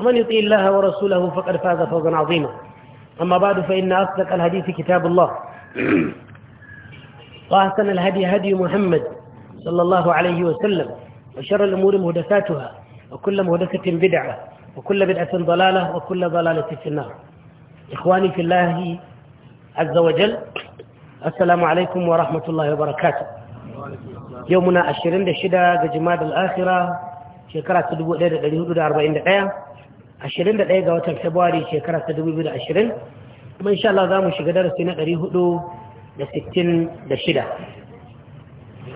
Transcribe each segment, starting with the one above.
ومن يطيع الله ورسوله فقد فاز فوزا عظيما أما بعد فإن أصدق الحديث كتاب الله وأحسن الهدي هدي محمد صلى الله عليه وسلم وشر الأمور مهدساتها وكل مهدسة بدعة وكل بدعة ضلالة وكل ضلالة في النار إخواني في الله عز وجل السلام عليكم ورحمة الله وبركاته يومنا الشرين دشدا جماد الآخرة شكرا تدبو ليلة 21 ga watan Fabrairu shekara ta 2020 kuma insha Allah za mu shiga darasi na 466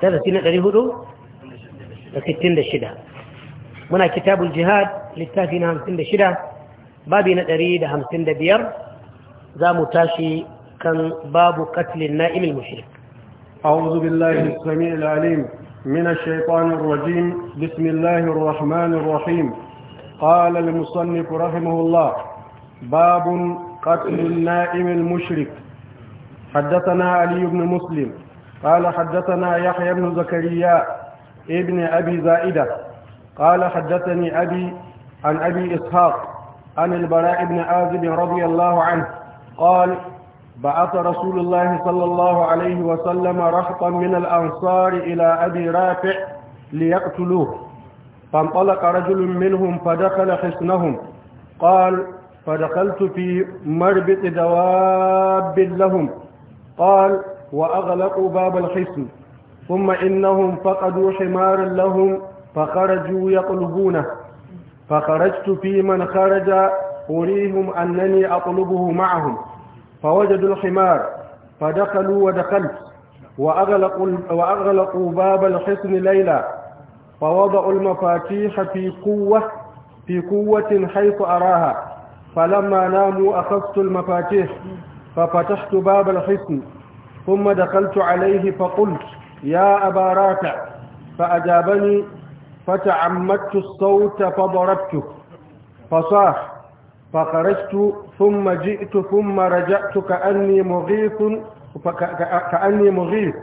darasi na 466 muna kitabul jihad littafi na 56 babi na 155 za mu tashi kan babu katlin na'imil mushrik أعوذ بالله السميع العليم من الشيطان الرجيم بسم الله الرحمن الرحيم قال المصنف رحمه الله باب قتل النائم المشرك حدثنا علي بن مسلم قال حدثنا يحيى بن زكريا ابن أبي زائدة قال حدثني أبي عن أبي إسحاق عن البراء بن عازب رضي الله عنه قال بعث رسول الله صلى الله عليه وسلم رهطا من الأنصار إلى أبي رافع ليقتلوه فانطلق رجل منهم فدخل حصنهم قال فدخلت في مربط دواب لهم قال وأغلقوا باب الحصن ثم إنهم فقدوا حمارا لهم فخرجوا يطلبونه فخرجت في من خرج أريهم أنني أطلبه معهم فوجدوا الحمار فدخلوا ودخلت وأغلقوا, وأغلقوا باب الحصن ليلا فوضع المفاتيح في قوة في قوة حيث أراها فلما ناموا أخذت المفاتيح ففتحت باب الحصن ثم دخلت عليه فقلت يا أبا رافع فأجابني فتعمدت الصوت فضربته فصاح فخرجت ثم جئت ثم رجعت كأني مغيث كأني مغيث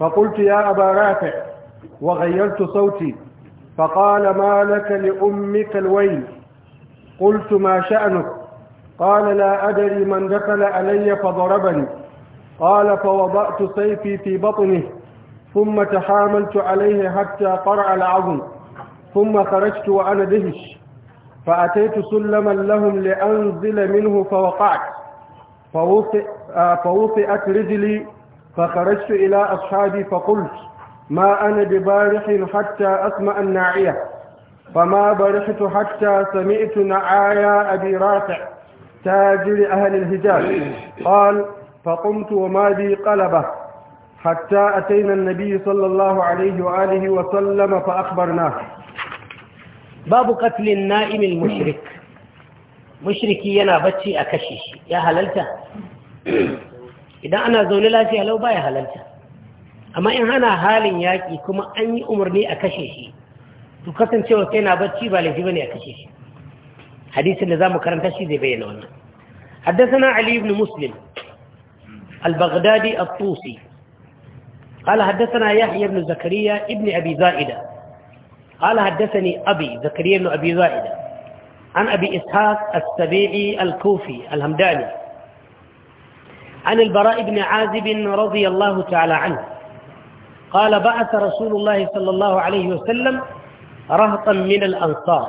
فقلت يا أبا رافع وغيرت صوتي فقال ما لك لأمك الويل قلت ما شأنك قال لا أدري من دخل علي فضربني قال فوضعت سيفي في بطنه ثم تحاملت عليه حتى قرع العظم ثم خرجت وأنا دهش فأتيت سلما لهم لأنزل منه فوقعت آه، فوطئت رجلي فخرجت إلى أصحابي فقلت ما أنا ببارح حتى أسمع الناعية فما برحت حتى سمعت نعايا أبي رافع تاجر أهل الحجاز قال فقمت وما بي قلبة حتى أتينا النبي صلى الله عليه وآله وسلم فأخبرناه باب قتل النائم المشرك مشركي ينا bacci a يا هللتا إذا أنا idan لا شيء لو باي هللتا amma in hana halin yaƙi kuma an yi umarni a kashe shi to kasancewa sai na bacci ba laifi bane a kashe shi hadisin da zamu karanta shi zai bayyana wannan حدثنا علي بن مسلم البغدادي الطوسي قال حدثنا يحيى بن زكريا ابن أبي زائدة قال حدثني أبي زكريا بن أبي زائدة عن أبي إسحاق السبيعي الكوفي الهمداني عن البراء بن عازب رضي الله تعالى عنه قال بعث رسول الله صلى الله عليه وسلم رهطا من الانصار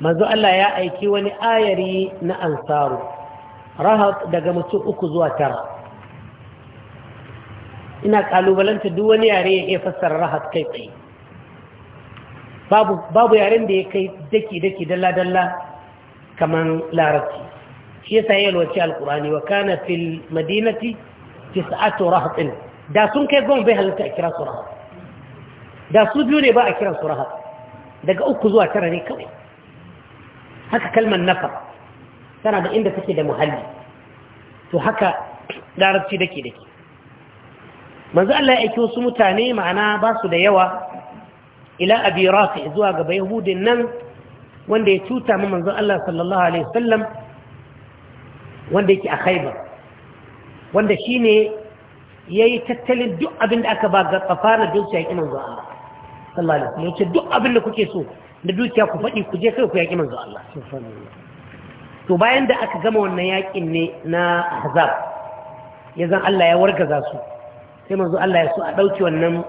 منذ الله يا ايكي وني ايري نا انصار daga mutum uku zuwa tara ina ƙalubalanta duk wani yare rahat kai tsaye babu yaren da ya kai daki daki dalla dalla kaman larabci shi yasa yalwaci alqurani wa kana fil madinati tis'atu rahatin da sun kai goma bai halitta a kira su rahat da su biyu ne ba a kiran su rahat daga uku zuwa tara ne kawai haka kalmar nafa tana da inda take da muhalli to haka larabci dake dake manzo Allah ya aiki wasu mutane ma'ana ba su da yawa ila abi rafi zuwa ga yahudin nan wanda ya cuta ma manzo Allah sallallahu alaihi wasallam wanda yake a Khaibar wanda shine ya yi tattalin duk abin da aka ba ga kafara don su yaƙi manzo Allah sallallahu alaihi wasallam yace duk abin da kuke so da dukiya ku faɗi ku je kai ku yaƙi manzo Allah to bayan da aka gama wannan yaƙin ne na Ahzab ya zan Allah ya wargaza su sai manzo Allah ya so a ɗauki wannan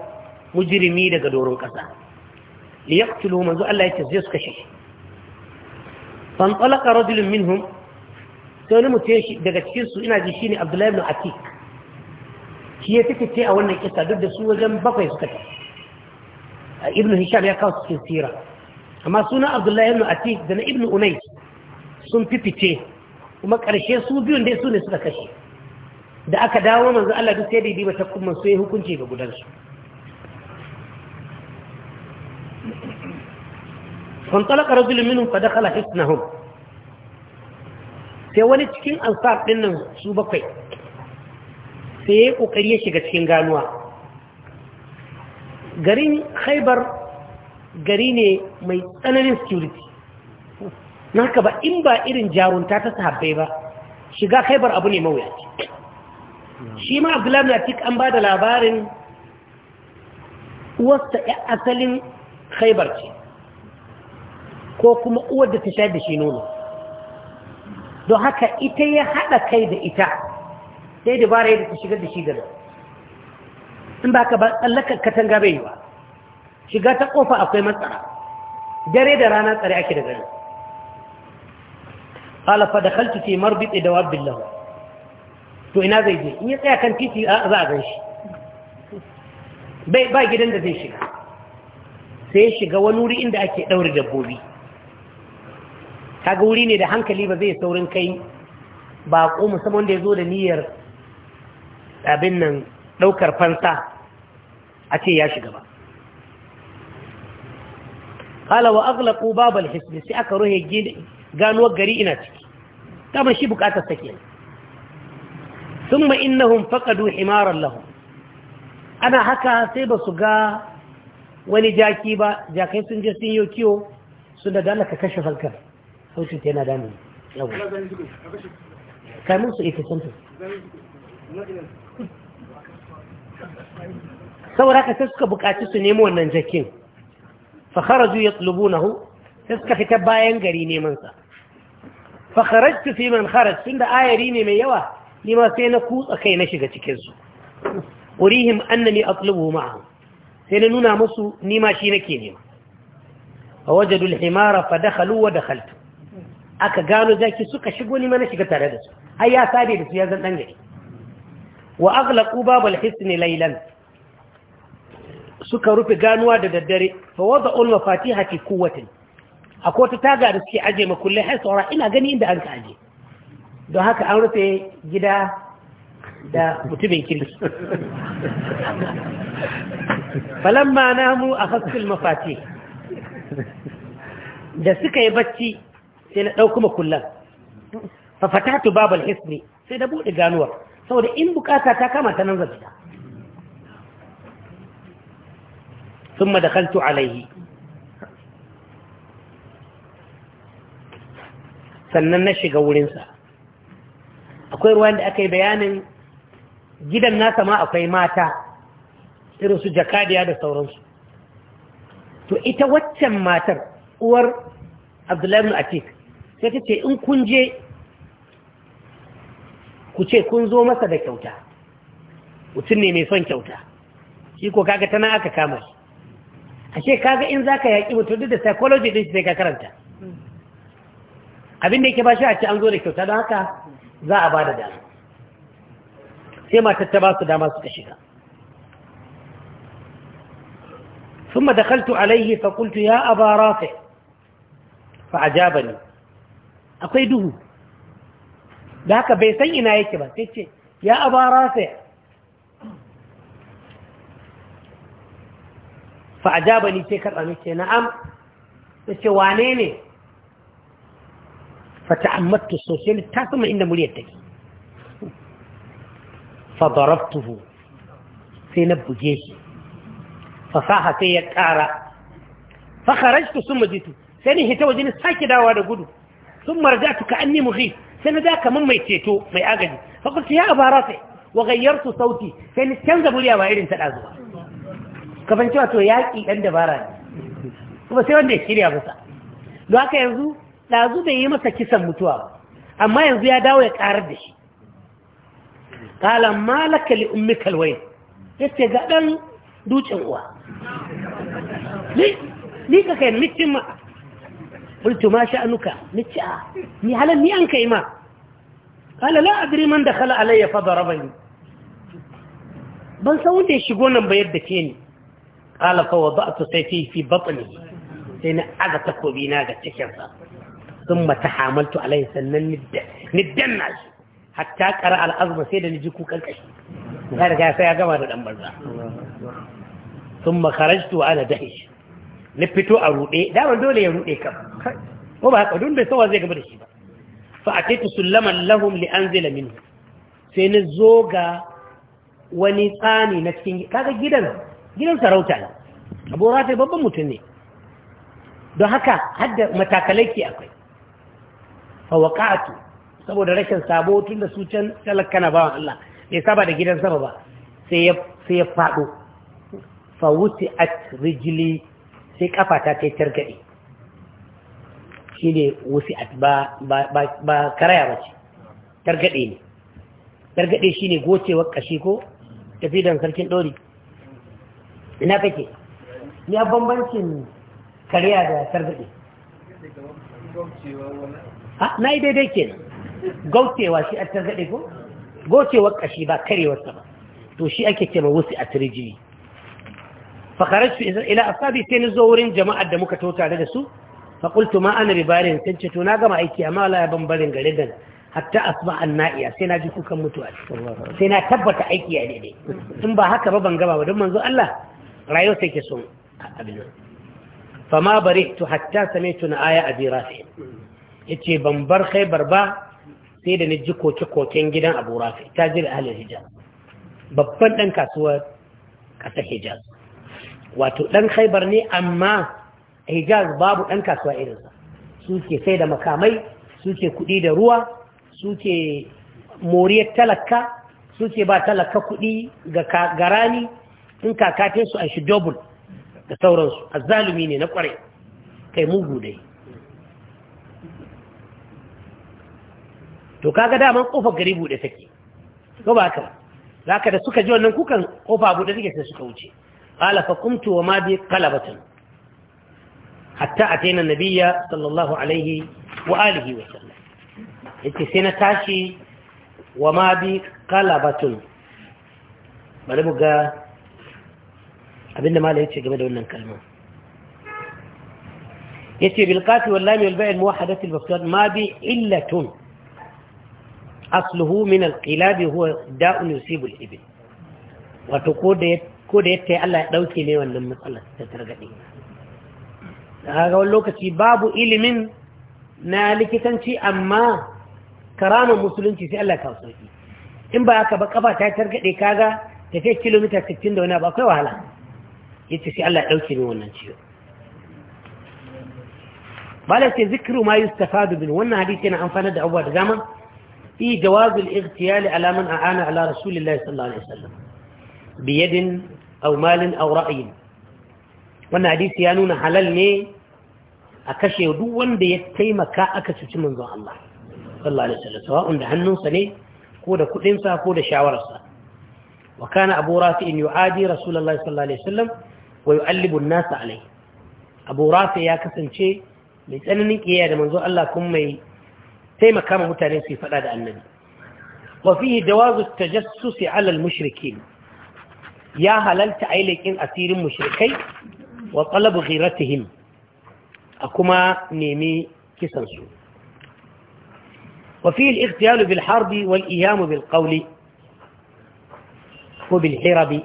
mujirimi daga doron ƙasa li yaqtulu manzo Allah ya ce zai su kashe fan talaqa rajulun minhum sai wani mutum daga cikin su ina ji shine Abdullahi ibn Atik shi ya take ce a wannan kisa duk da su wajen bakwai suka a ibn hisham ya kawo cikin sira amma suna abdullahi ibn atik da na ibn unai sun fifice kuma karshe su biyun dai su ne suka kashe da aka dawo manzo Allah duk sai dai ba ta kuma su yi hukunci ga gudan su فانطلق sai wani cikin ansar ɗinnan su bakwai sai ya kokari ya shiga cikin ganuwa garin haibar gari ne mai tsananin security na haka ba in ba irin jarunta ta sahabbai ba shiga haibar abu ne mawuyaci shi ma abdullahi na cik an ba da labarin uwarsa ya asalin haibar ce ko kuma uwar da ta sha da shi nono don haka ita ya haɗa kai da ita sai dabara yadda ta shigar da shi gaba in ba ka ba tsallakar katanga bai ba. shiga ta kofa akwai matsara dare da rana tsare ake da garin qala fa ce fi da wabin lahu. to ina zai je in yi tsaya kan titi za a gan shi bai ba gidan da zai shiga sai shiga wani wuri inda ake ɗaure dabbobi kaga wuri ne da hankali ba zai saurin kai ba ko musamman da ya zo da niyyar abin nan ɗaukar fansa a ce ya shiga ba kala wa aglaku babal hisbi sai aka ruhe ganuwar gari ina ciki ma shi bukatar sake sun ma'innahun faƙadu himarar lahun ana haka sai ba su ga wani jaki ba jakai sun je sun yi kiyo sun da dala ka kashe falkar sautin ta yana damu yawon kai ita 80 saboda haka sai suka bukaci su nemo wannan jakin fa kharaju yatlubunahu sai suka fita bayan gari neman sa fa kharajtu fi man kharaj tunda ayari ne mai yawa ni ma sai na kutsa kai na shiga cikin su urihim annani atlubu ma'ahum sai na nuna musu ni ma shi nake nema fa wajadu al-himara fa dakhalu wa dakhaltu aka gano jaki suka shigo ni ma na shiga tare da su ai ya sabe da su ya zan dan gari wa aghlaqu babal hisni laylan suka rufe ganuwa da daddare fa wada'u al-mafatiha fi quwwatin akwai ta taga da suke aje ma kullai har saura ina gani inda an ka don haka an rufe gida da mutumin kirki falamma namu a haskul mafati da suka yi bacci sai na ɗauku makullan fafatatu babal hisni sai da buɗe ganuwar saboda in bukata ta kama ta nan ta, sun kaltu alaihi sannan na shiga wurinsa akwai ruwan da aka yi bayanin gidan nasa ma akwai mata irin su jakadiya da sauransu to ita waccan matar uwar abdullahi atik sai ta ce in kun je ku ce kun zo masa da kyauta mutum ne mai son kyauta shi ko kaga tana aka kama shi ashe kaga in zaka yaki mutum duk da psychology din shi sai ka karanta abin da yake ba shi a ce an zo da kyauta don haka za a ba da dama sai matar ta ba su dama suka shiga ثم دخلت عليه فقلت يا أبا رافع فعجابني أقيده da haka bai san ina yake ba sai ce ya abara sai fa ajaba ni sai karɓa nake na'am sai ce wane ne fa ta'ammattu sosai ta sama inda muryar take fa darabtuhu sai na buge shi fasaha sai ya ƙara fa kharajtu summa jitu sai ni hita wajen sake dawa da gudu sun marja tuka mu muhit sai na ja kamar mai ceto mai agaji fakultu ya abara sai wa gayyartu sauti sai ni canza murya ba irin ta ɗazuwa kafin cewa to yaƙi ɗan dabara ne kuma sai wanda ya shirya masa don haka yanzu ɗazu bai yi masa kisan mutuwa ba amma yanzu ya dawo ya ƙarar da shi ƙalan malaka li ummi kalwai ya ce ga ɗan dutsen uwa ni ka kai mitin ma ƙultu ma sha'anuka ni ci a ni halar ni an kai ma قال لا أدري من دخل علي فضربني ban san wanda shigo nan ba yadda ke ni ƙala fa wa ba'tu sayfi fi batni sai na aga takobi na ga cikin sun mata hamaltu alai sannan niddan na shi hatta ƙara al'azma sai da ni ji kukan kashi ya riga sai ya gama da dan banza sun makarajtu ana dahi na fito a ruɗe daman dole ya ruɗe kam ko ba haka dun bai sawa zai gaba da shi ba fa'ataitu sulaman lahum li zila minhu sai ni zo ga wani tsani na cikin kaga gidan gidan sarauta ne abu ta babban mutum ne don haka hadda matakalai ke akwai fawaka'atu saboda rashin sabo tun da su can talakana bawan Allah bai saba da gidan sama ba sai ya faɗo fawuti at rijili sai kafa ta yi targaɗe shi ne wasi'at ba ba karaya ba ce targaɗe ne targaɗe shi ne gocewar ƙashi ko tafi don sarkin ɗori ina kake ya bambancin karya da targaɗe na yi daidai ke gautewa shi a targaɗe ko gocewar ƙashi ba ta ba to shi ake ce ma a wasi'at fakarar fakararsu ila asabi sai ni zo wurin jama'ar da muka tota da su faƙultu ma ana bibarin sun ce to na gama aiki amma wala ya bambarin gare gan hatta asma an na'iya sai na ji kukan mutuwa sai na tabbata aiki ya daidai in ba haka ba ban gaba ba don manzo Allah rayuwa sai ke son abin fama bare to hatta same tuna aya a jira sai ya ce ban bar khaibar ba sai da ni ji koke-koken gidan abu rafi ta jira hijaz babban ɗan kasuwar ƙasar hijaz wato ɗan khaibar ne amma hijaz babu ɗan kasuwa irinsa su suke sai da makamai su kuɗi da ruwa su ke moriyar talaka su ba talaka kuɗi ga garani in kakatin su a shi dobul da sauransu a zalumi ne na ƙware kai mugu dai to kaga daman ƙofar gari buɗe take ko ba haka za ka da suka ji wannan kukan ƙofa buɗe take sai suka wuce ƙala fa kumtu wa ma bi qalabatan hatta ataina nabiyya sallallahu alaihi wa alihi wa sallam yace sai na tashi wa ma bi qalabatun bari mu ga abinda malai yace game da wannan kalma yace bil qati wal lam wal ba' al muwahhadat al mafsud ma bi illatun asluhu min kilabi qilab huwa da'un da Allah ya dauke ne wannan matsalar ta targade ga wani lokaci babu ilimin na likitanci amma karamar musulunci sai Allah kawo sauki in ba haka ba kafa ta targaɗe kaga tafiya kilomita 60 da wani ba akwai wahala yace sai Allah ɗauke min wannan ciwo bala ce zikiru ma yi yustafadu bin wannan hadisi yana amfana da abubuwa da gama. fi jawazul ightiyali ala man aana ala rasulillahi sallallahu alaihi wasallam bi yadin aw malin aw ra'yin wannan hadisi ya nuna halal ne a kashe duk wanda ya taimaka aka cuci manzon Allah sallallahu alaihi wasallam sawa'un da hannunsa ne ko da kudinsa ko da shawararsa wa kana abu rafi'in yu'adi rasulullahi sallallahu alaihi wasallam wa yu'allibu an-nas alai abu rafi ya kasance mai tsananin kiyaye da manzon Allah kuma mai taimaka ma mutane su fada da annabi wa fihi jawazu at-tajassus 'ala al-mushrikeen ya halalta ailekin asirin mushrikai wa talabu ghiratihim a kuma nemi kisansu iyamu bil kauli ko bil وبالحرب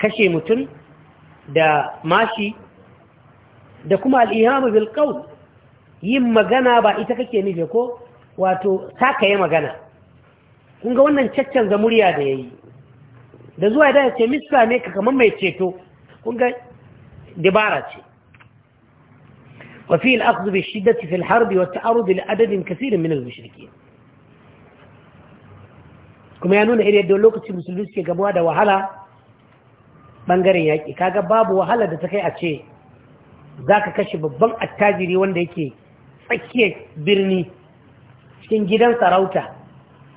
kashe mutum da mashi da kuma al al'ihamu kauli yin magana ba ita kake nufi ko wato takaye magana kun wannan caccan zamuriya da ya yi da zuwa da ya ce mista ne ka kamar mai ceto kun ga dabara ce وفيه الأخذ بالشدة في الحرب والتعرض adadin كثير من المشركين kuma ya nuna iri yadda lokacin musulunci suke gamuwa da wahala bangaren yaƙi kaga babu wahala da ta kai a ce za ka kashe babban attajiri wanda yake tsakiyar birni cikin gidan sarauta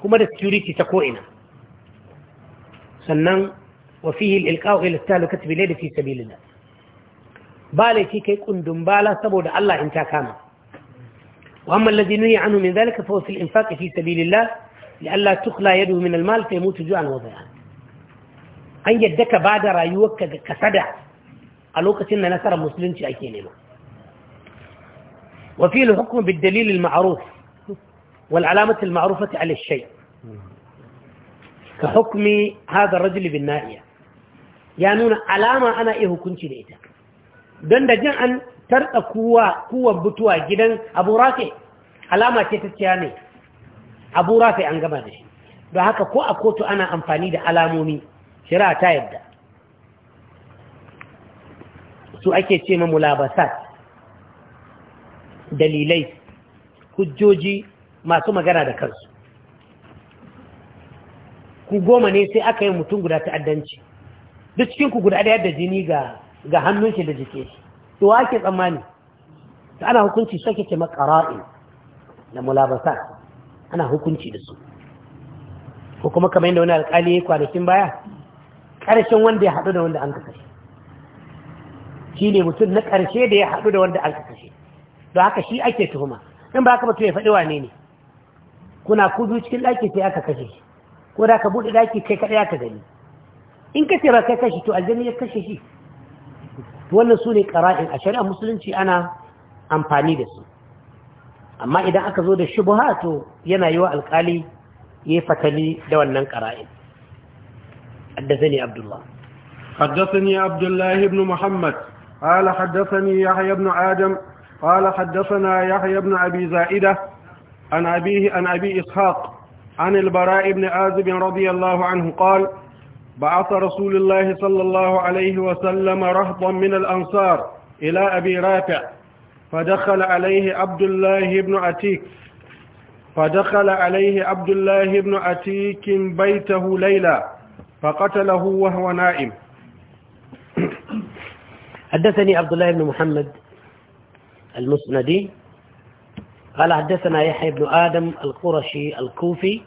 kuma da security ta ko'ina sannan wafihi ilkawo ilistar lokacin bilai da fi sabilillah بالي كي كي كندم بالا سبود الله انتا كاما وأما الذي نهي عنه من ذلك فهو في الإنفاق في سبيل الله لألا تخلى يده من المال فيموت جوعا وضيعا أن يدك بعد رأيوك كسدع ألوك سن نصر مسلم في كينما وفي الحكم بالدليل المعروف والعلامة المعروفة على الشيء كحكم هذا الرجل بالنائية يعني علامة أنا إيه كنت لإيجاب don da jin an tarɗa kuwa butuwa gidan abu alama ce ta ciya ne abu an gama da shi don haka ko a kotu ana amfani da alamomi shira ta yadda su ake ce ma mulabasat dalilai hujjoji masu magana da kansu ku goma ne sai aka yi mutum guda ta'addanci duk cikin ku guda ɗaya da jini ga ga hannun shi da jike shi to wake tsammani ta ana hukunci sake ce makara'i da mulabasa ana hukunci da su ko kuma kamar yadda wani alƙali kwanakin baya ƙarshen wanda ya haɗu da wanda an ka kashe shi ne mutum na ƙarshe da ya haɗu da wanda an ka kashe don haka shi ake tuhuma in ba ka ba to ya faɗi wane ne kuna kudu cikin ɗaki sai aka kashe shi ko da ka buɗe ɗaki kai kaɗai aka gani in kace ba kai kashe to aljanni ya kashe shi wannan su ne ƙara'in a shari'ar musulunci ana amfani da su amma idan aka zo da shi to yana yi wa alkali ya yi fatali da wannan ƙara'in haddasani abdullahi haddasani abdullahi ibn muhammad ala haddasani ya haya ibn adam ala haddasana ya haya ibn abi za'ida an ishaq an albara ibn azubin radiyallahu anhu qala بعث رسول الله صلى الله عليه وسلم رهطا من الأنصار إلى أبي رافع فدخل عليه عبد الله بن عتيك فدخل عليه عبد الله بن عتيك بيته ليلى فقتله وهو نائم حدثني عبد الله بن محمد المسندي قال حدثنا يحيى بن آدم القرشي الكوفي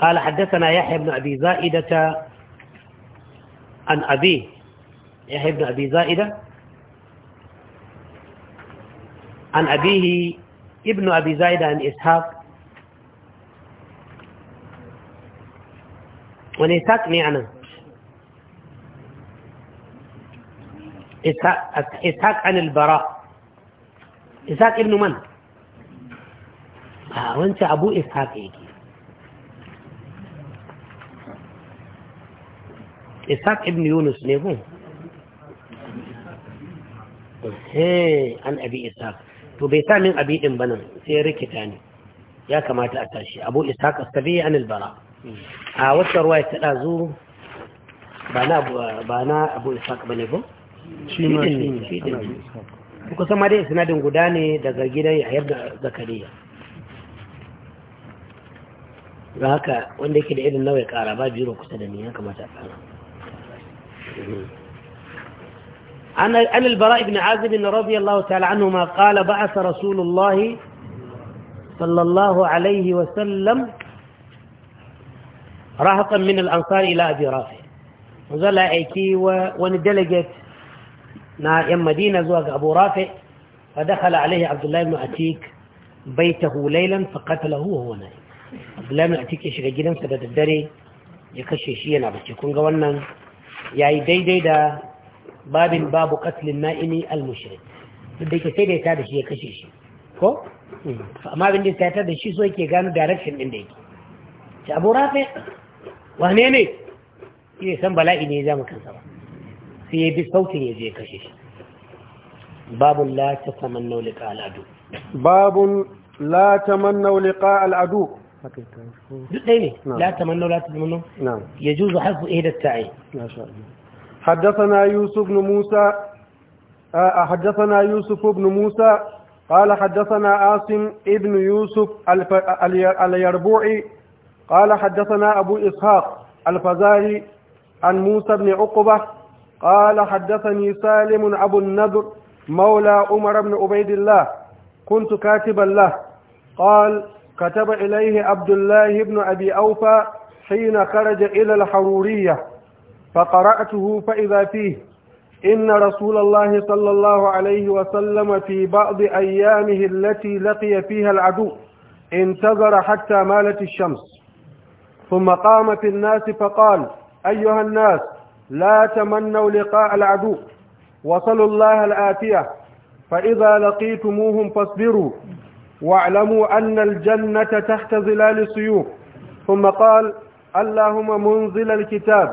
قال حدثنا يحيى بن أبي زائدة عن أبيه يحيى بن أبي زائدة عن أبيه ابن أبي زائدة عن إسحاق ونساك معنا إسحاق عن البراء إسحاق ابن من؟ آه وانت أبو إسحاق إيه Isaac ibn yunus ne gun an abi Isaac. to bai sa min abi din banan sai rikita ne ya kamata a tashi abu Isaac astabi an albara a wata ruwa ta dazu ba na ba na abu Isaac bane ba shi ma shi ne kusan ma dai sinadin guda ne daga gidan yahya zakariya ga haka wanda yake da irin nawa ya kara ba biro kusa da ni ya kamata a tsara عن البراء بن عازب رضي الله تعالى عنهما قال بعث رسول الله صلى الله عليه وسلم رهطا من الأنصار إلى أبي رافع وزل أيكي وندلجت نائم مدينة زواج أبو رافع فدخل عليه عبد الله بن أتيك بيته ليلا فقتله وهو نائم عبد الله بن أتيك يشغل جدا سبب الدري يكشي شيئا عبد يكون قولنا yayi daidai da babin babu katlin na'imi al-mushrik duk da yake sai da ya tada shi ya kashe shi ko amma abin da ya tada da shi so yake gano direction din da yake ta abu rafi wane ne shi san bala'i ne ya zama kansa ba sai ya bi sautin ya je kashe shi باب لا تتمنوا لقاء العدو باب لا تمنوا لقاء al'adu. طيب. نعم. لا تمنوا لا تمنوا نعم يجوز حذف yajuzu إيه التعين ما شاء الله حدثنا يوسف بن موسى آه، آه، حدثنا يوسف بن موسى قال حدثنا عاصم ابن يوسف اليربوعي قال حدثنا أبو إسحاق الفزاري عن موسى بن عقبة قال حدثني سالم أبو النذر مولى عمر بن عبيد الله كنت كاتبا له قال كتب إليه عبد الله بن أبي أوفى حين خرج إلى الحرورية فقرأته فإذا فيه إن رسول الله صلى الله عليه وسلم في بعض أيامه التي لقي فيها العدو انتظر حتى مالت الشمس ثم قام في الناس فقال أيها الناس لا تمنوا لقاء العدو وصلوا الله الآتية فإذا لقيتموهم فاصبروا واعلموا أن الجنة تحت ظلال السيوف ثم قال اللهم منزل الكتاب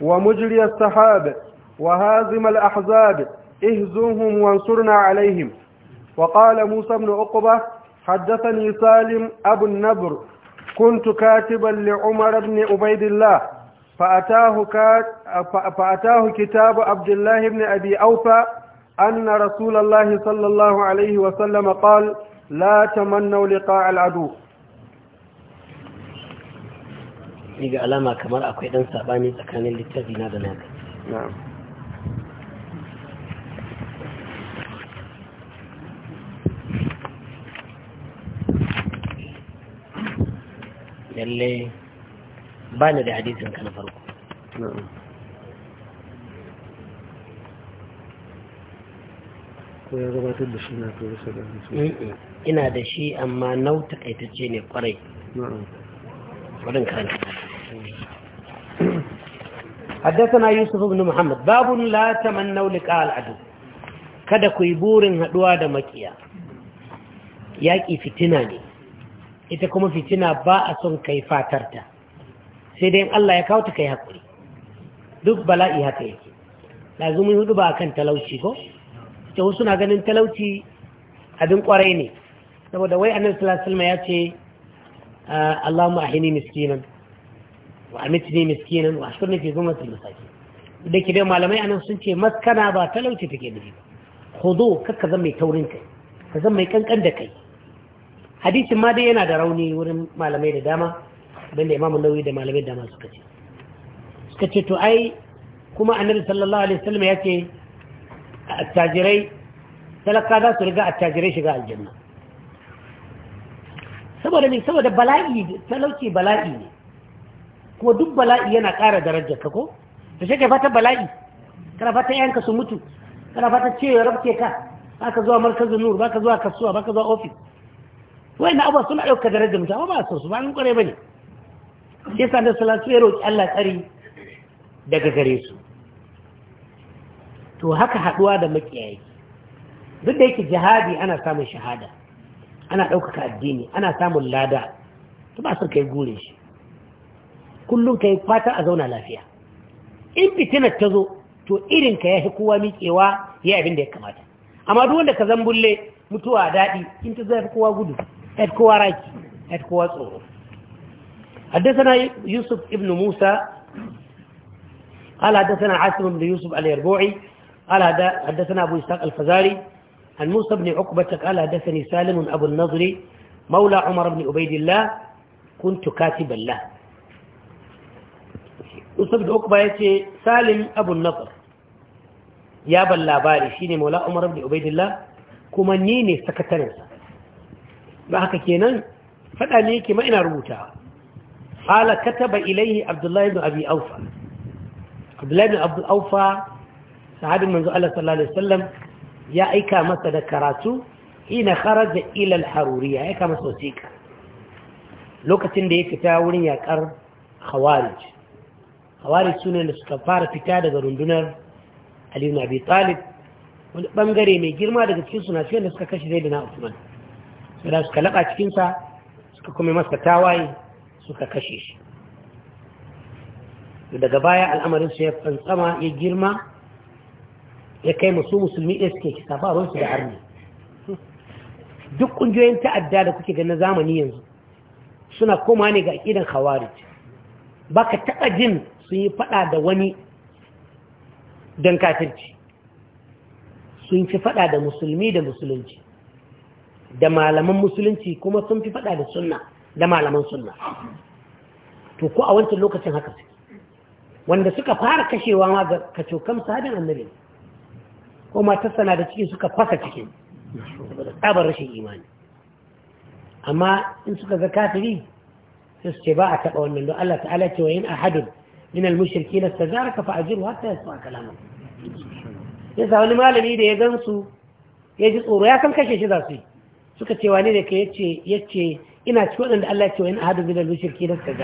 ومجري السحاب وهازم الأحزاب اهزمهم وانصرنا عليهم وقال موسى بن عقبة حدثني سالم أبو النبر كنت كاتبا لعمر بن عبيد الله فأتاه, فأتاه كتاب عبد الله بن أبي أوفى أن رسول الله صلى الله عليه وسلم قال لا تمنوا al'adu. العدو ga alama kamar akwai ɗan saɓani tsakanin littafi na da naka na'am lalle ba ni da hadisin ka na farko ina da shi amma nau takaitacce ne kwarai wadin karanta Yusuf يوسف muhammad babu la لا تمنوا لقاء al'adu. kada ku yi burin haɗuwa da makiya yaƙi fitina ne ita kuma fitina ba a son kai fatarta sai dai Allah ya kawo ta kai haƙuri duk bala'i haka yake lazumi hudu ba kan talauci ko da wasu na ganin talauci abin kwarai ne saboda wai annan sallallahu ya ce ah, Allahumma ahini miskinan wa amitni miskinan wa shirin fi su misaki da ke dai malamai anan sun ce maskana ba talauci take da ba khudu kakka zan mai taurin kai ka zan mai kankan da kai hadisin ma dai yana da rauni wurin malamai da dama abinda imamu nauyi da malamai da dama suka ce suka ce to ai kuma annabi sallallahu alaihi wasallam ya ce attajirai talaka za su riga attajirai shiga aljanna saboda ne bala'i talauci bala'i ne kuma duk bala'i yana ƙara darajar ka ko ta shi fata bala'i kana fata yanka su mutu kana fata ce ya rabke ka baka zuwa markazin nur baka zuwa kasuwa baka zuwa ofis wai na abuwa suna ɗauka darajar mutu amma ba su su ba an kware ba ne sai sa da salatu ya roƙi Allah tsari daga gare su to haka haɗuwa da makiyayi duk da yake jihadi ana samun shahada ana ɗaukaka addini ana samun lada ta ba su kai gure shi kullum ka yi fata a zauna lafiya in fitinar ta zo to irin ka ya fi kowa miƙewa ya abin da ya kamata amma duk wanda ka zambulle mutuwa daɗi in ta zai kowa gudu ya fi kowa raki ya fi kowa tsoro حدثنا yusuf ibn musa قال حدثنا عاصم بن يوسف اليربوعي قال حدثنا أبو إسحاق الفزاري عن موسى بن عقبة قال حدثني سالم أبو النضر مولى عمر بن عبيد الله كنت كاتبا له موسى بن عقبة يتي سالم أبو النضر يا بل لاباري شيني مولى عمر بن عبيد الله كما نيني سكتنسا ما هكا كينا فدا نيكي ما إنا ربوتها قال كتب إليه عبد الله بن أبي أوفى عبد الله بن أبي أوفى sahabin manzo Allah sallallahu alaihi wasallam ya aika masa da karatu ina kharaja ila al-haruriya ya aika masa wasiqa lokacin da ya fita wurin yakar khawarij khawarij sune da suka fara fita daga rundunar Ali ibn Abi Talib wani bangare mai girma daga cikin suna da suka kashe Zaidina Uthman sai suka laka cikin sa suka kuma masa tawaye suka kashe shi daga baya al'amarin su ya fantsama ya girma ya kai musu musulmi ɗaya suke kisa ba ruwansu da harni duk ƙungiyoyin ta'adda da kuke ga na zamani yanzu suna koma ne ga idan khawarij ba ka taɓa jin sun yi faɗa da wani don kafirci sun fi faɗa da musulmi da musulunci da malaman musulunci kuma sun fi faɗa da sunna da malaman sunna to ko a wancan lokacin haka wanda suka fara kashewa ma ga kacokan sadin annabi ko matarsa na da cikin suka fasa cikin saboda tsabar rashin imani amma in suka ga kafiri sai su ce ba a taɓa wannan don Allah ta'ala ce wa yin ahadun min al-mushriki na ka fa ajiru hatta yasu a Sai sa wani malami da ya gansu ya ji tsoro ya san kashe shi za su yi suka ce wani da ka yace yace ina ci waɗanda Allah ce wa yin ahadun min al-mushriki na ka.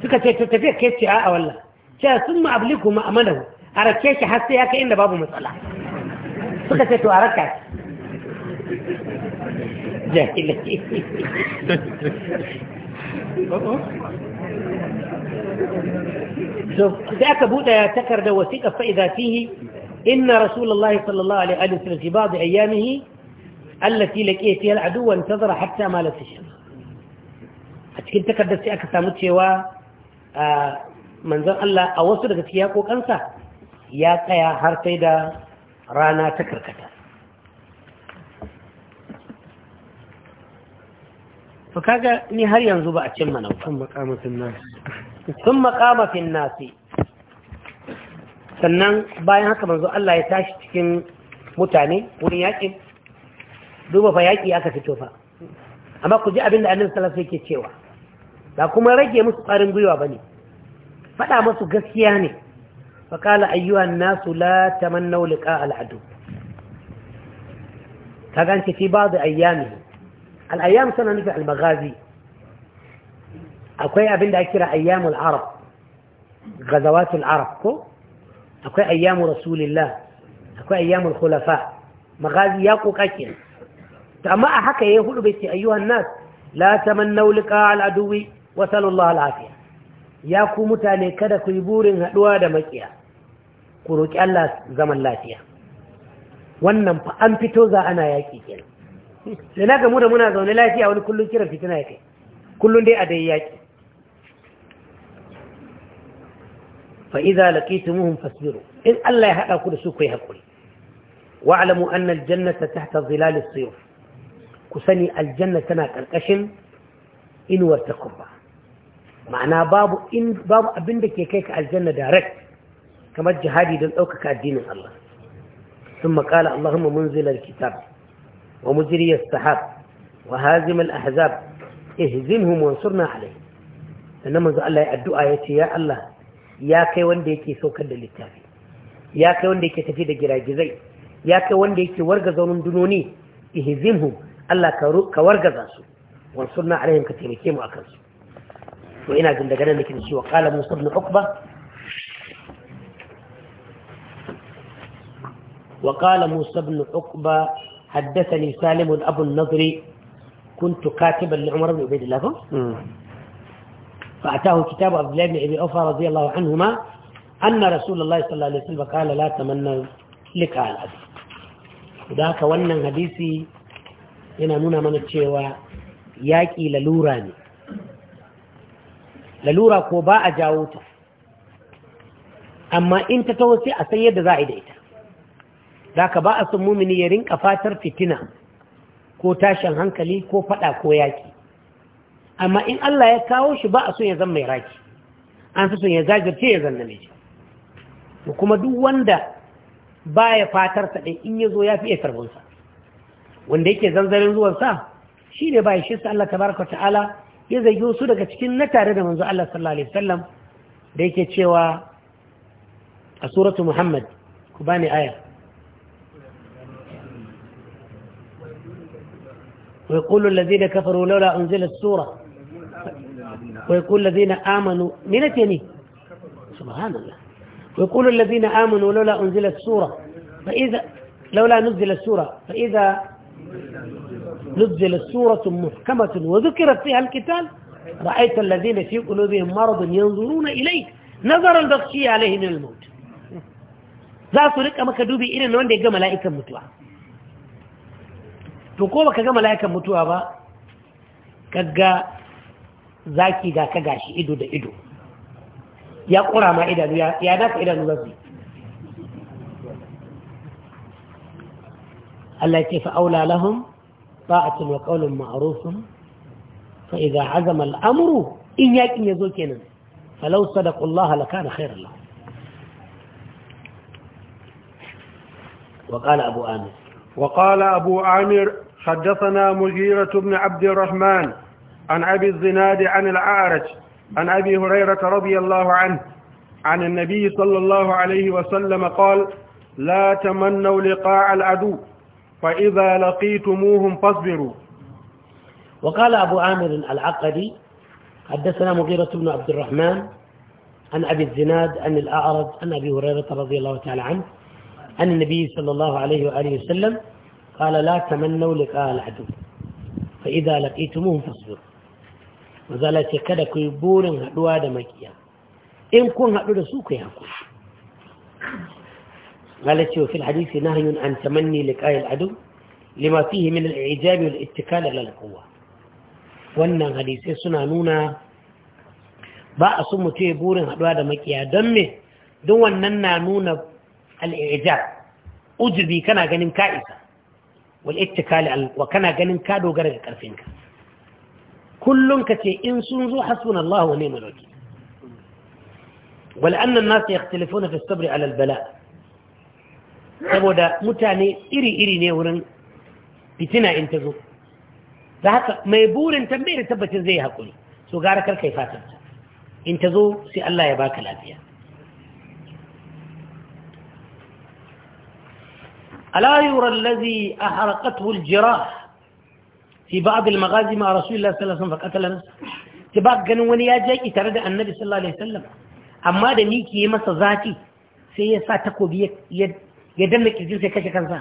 suka ce to tafiya ke ce a'a wallah cewa sun ما ma'amalahu a rake shi har sai ya kai inda babu matsala suka ce to a raka jahilai ذاك بودا تكرد وثيقة فإذا فيه إن رسول الله صلى الله عليه وسلم في بعض أيامه التي لقيه فيها العدو وانتظر حتى مالت الشمس أتكلم تكرد سيأك سامتشي و آه، manzon Allah a wasu daga cikin yakokansa ya tsaya har sai da rana ta karkata to kaga ni har yanzu ba a cin mana sun makamafin nasi sun makamafin nasi sannan bayan haka manzo Allah ya tashi cikin mutane wurin yaƙin duba fa yaƙi aka fito fa amma ku ji abin da annabi sallallahu alaihi wasallam yake cewa ba kuma rage musu ƙarin gwiwa bane faɗa masu gaskiya ne faƙala ayyuan nasu la tamannau liqa al'adu kaga an ce fi ba'd ayyami al'ayyam suna nufi al-maghazi akwai abin da ake kira ayyamul arab gazawatul arab ko akwai ayyamu rasulillah akwai ayyamul khulafa maghazi ya kokake to amma a haka yayi hudu bai ce ayyuhan nas la tamannaw liqa al-aduwi wa sallallahu al-afiya ya ku mutane kada ku yi burin haɗuwa da maƙiya ku roƙi Allah zaman lafiya wannan fa an fito za ana yaƙi kenan da na gamu da muna zaune lafiya wani kullum kiran fitina ya kai kullum dai a dai yaƙi fa idza laqitumuhum fasbiru in Allah ya haɗa ku da su ku yi haƙuri wa'lamu anna aljannata tahta dhilal suyuf ku sani aljanna tana ƙarƙashin inuwar takubba ma'ana babu abinda abin da ke kai ka aljanna direct kamar jihadi don ɗaukaka addinin Allah sun maƙala Allahumma munzilar kitab wa mujriyar sahab wa hazimul ahzab ihzinhum wansurna alai sannan manzo Allah ya addu'a ya ce ya Allah ya kai wanda yake saukar da littafi ya kai wanda yake tafi da giragizai ya kai wanda yake warga zaunin dunoni ihzinhum Allah ka wargaza su wansurna alaihim ka taimake mu akan su to ina jin daga nan nake cewa qala musa ibn abu an-nadr kunt katiban li umar ibn ubayd lahu fa hmm. ataahu kitab abu lahab ibn ufa radiyallahu anhuma anna rasulullah sallallahu alaihi wasallam qala la wannan hadisi yana nuna mana cewa yaki lalura ne lalura ko ba a jawo ta amma in ta taho sai a san yadda za a yi da ita za ka ba a sun mumini ya rinka fatar fitina ko tashin hankali ko fada ko yaki amma in Allah ya kawo shi ba a son ya zan mai raki an su sun ya zagirce ya zanna mai kuma duk wanda ba ya fatar sa ɗin in ya zo ya fi fiye karbunsa wanda yake zanzarin zuwansa shi ne ba ya shi Allah baraka ta'ala ya zagi wasu daga cikin na tare da manzo Allah sallallahu alaihi wasallam da yake cewa a suratu Muhammad ku bani aya ويقول الذين كفروا لولا أنزل السورة ويقول الذين آمنوا من أتني سبحان الله ويقول الذين آمنوا لولا أنزلت سورة فإذا لولا نزل السورة فإذا نزلت سورة محكمة وذكرت فيها القتال رأيت الذين في قلوبهم مرض ينظرون إليك نظر البخشي عليه من الموت ذا سرق أما دوبي إلى نوان دي ملائكة متوعة تقوم كجا ملائكة متوعة با كجا zaki ga ka gashi ido da ido ya ƙura ma idanu ya dafa idanu zafi Allah ce fa'aula lahun طاعة وقول معروف فإذا عزم الأمر إياك إن يزول فلو صدقوا الله لكان خير الله وقال أبو آمر وقال أبو آمر حدثنا مجيرة بن عبد الرحمن عن أبي الزناد عن العارج عن أبي هريرة رضي الله عنه عن النبي صلى الله عليه وسلم قال لا تمنوا لقاء العدو فإذا لقيتموهم فاصبروا وقال أبو عامر العقدي حدثنا مغيرة بن عبد الرحمن عن أبي الزناد عن الأعرج عن أبي هريرة رضي الله تعالى عنه عن النبي صلى الله عليه وآله وسلم قال لا تمنوا لقاء العدو فإذا لقيتموهم فاصبروا وزالت kada كيبون هدوا burin إن كون هدوا in يا قالت وفي الحديث نهي عن تمني لقاء العدو لما فيه من الإعجاب والاتكال على القوة wannan hadisai suna nuna ba a sun mutu ya burin haɗuwa da makiya don me don wannan na nuna al'ijar ujubi kana ganin ka isa wal'ittikali wa kana ganin ka dogara ga ƙarfinka kullum ka ce in sun zo hasun Allah wa neman roki wal'annan nasu ya alalbala saboda mutane iri-iri ne wurin fitina in ta zo da haka mai burin tambayar tabbacin zai haƙuri so gara karka yi fatan in ta zo sai Allah ya baka lafiya ألا يرى a أحرقته الجراح في ba abin مع ma الله صلى الله عليه وسلم فقتل نفسه ganin wani ya jaki tare da annabi sallallahu alaihi wasallam amma da miki ya masa zafi sai ya sa takobi ya ya danna kirjin sai kashe kansa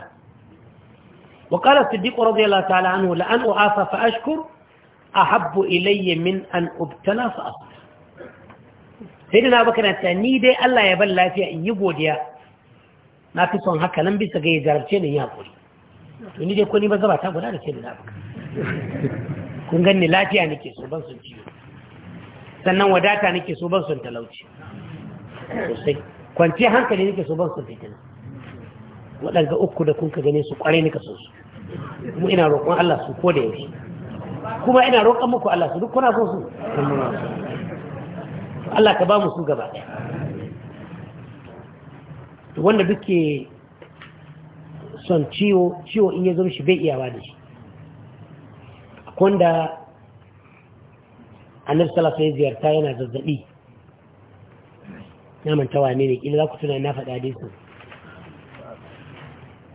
wa qala siddiq radiyallahu ta'ala anhu la an u'afa fa ashkur ahabb ilayya min an ubtala fa asfa sayyidina abubakar ta ni dai Allah ya bar lafiya in yi godiya na fi son haka nan bisa ga jarabce ne ya kuri to ni dai ko ni ba ta guda da sayyidina abubakar kun ganni lafiya nake so ban son ciwo sannan wadata nake so ban son talauci sosai hankali nake so ban son fitina waɗanda uku da kun ka gane su ƙwarai nika sun su kuma ina roƙon Allah su ko da yaushe kuma ina roƙon muku Allah su duk kuna so su Allah ka ba mu su gaba ɗaya wanda duke son ciwo ciwo in ya zama shi bai iyawa da shi wanda annabi sallallahu alaihi ziyarta yana zazzaɓi, na mantawa ne ne ƙila za ku tuna na faɗa dai su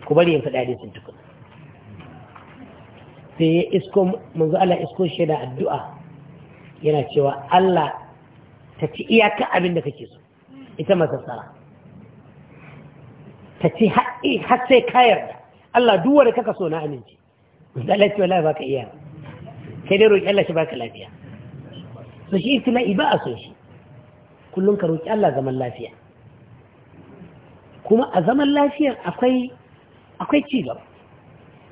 ku bari in faɗa hadisin tukun sai ya isko manzo Allah isko shi da addu'a yana cewa Allah ta ci iyaka abin da kake so ita masassara ta ci har sai ka yarda Allah duk wanda kaka so na aminci manzo Allah ce wallahi baka iya kai dai roki Allah shi baka lafiya so shi ibtila'i ba a so shi kullum ka roki Allah zaman lafiya kuma a zaman lafiyar akwai akwai ci gaba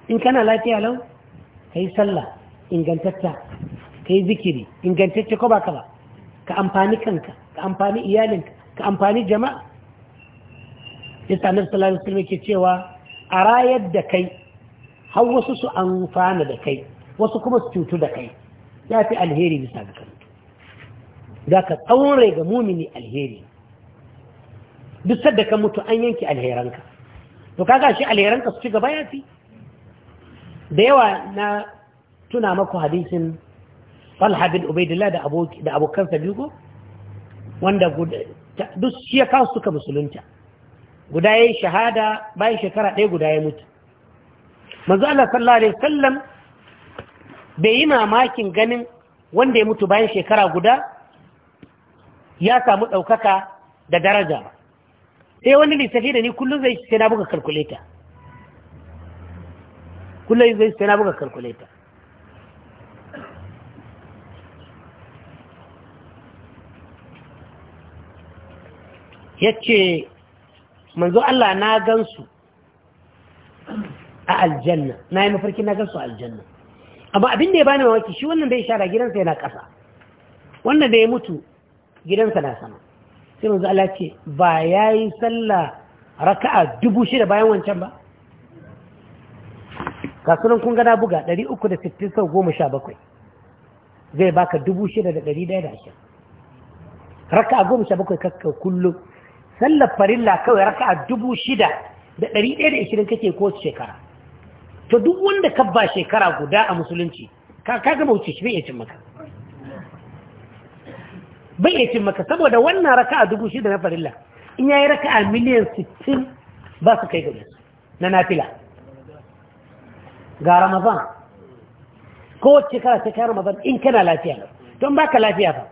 in kana lafiya lau ka yi sallah ingantatta ka yi zikiri ingantacce ko baka ba ka amfani kanka ka amfani iyalinka ka amfani jama'a ya sami salari sallallahu ke cewa a rayar da kai har wasu su amfana da kai wasu kuma su cutu da kai ya fi alheri bisa ga kanto za ka rai ga mumini alheri duk sadda ka mutu an yanke alheranka to kaga shi alheranka su ci gaba ya fi da yawa na tuna maku hadisin Talha bin Ubaidillah da aboki da abokansa biyu wanda duk shi ya kawo suka musulunta guda yayi shahada bayan shekara ɗaya guda ya mutu manzo Allah sallallahu alaihi wasallam bai yi mamakin ganin wanda ya mutu bayan shekara guda ya samu ɗaukaka da daraja ba eh wani lissafi da ni kullum zai sai na buga kalkuleta, kullum zai sai na buga kalkuleta. Ya ce manzo Allah na gansu a aljanna na yi mafarki na gansu a aljanna amma abin da ya bani mamaki shi wannan da ya shara gidansa yana ƙasa wannan da ya mutu gidansa na sama sai manzo Allah ce ba yayi sallah raka'a dubu shida bayan wancan ba kasunan kun gana buga 360 sau goma sha bakwai zai baka dubu shida da ɗari ɗaya da ashirin raka'a goma sha bakwai kakka kullum sallar farilla kawai raka'a dubu shida da ɗari ɗaya da ashirin kake ko shekara to duk wanda ka ba shekara guda a musulunci ka gama wuce shi bai iya cin maka bai iya cin maka saboda wannan raka a dubu shida na farilla in ya yi raka a miliyan sittin ba su kai gaba na nafila ga ramadan kowace kara ta kai ramadan in kana lafiya don ka lafiya fa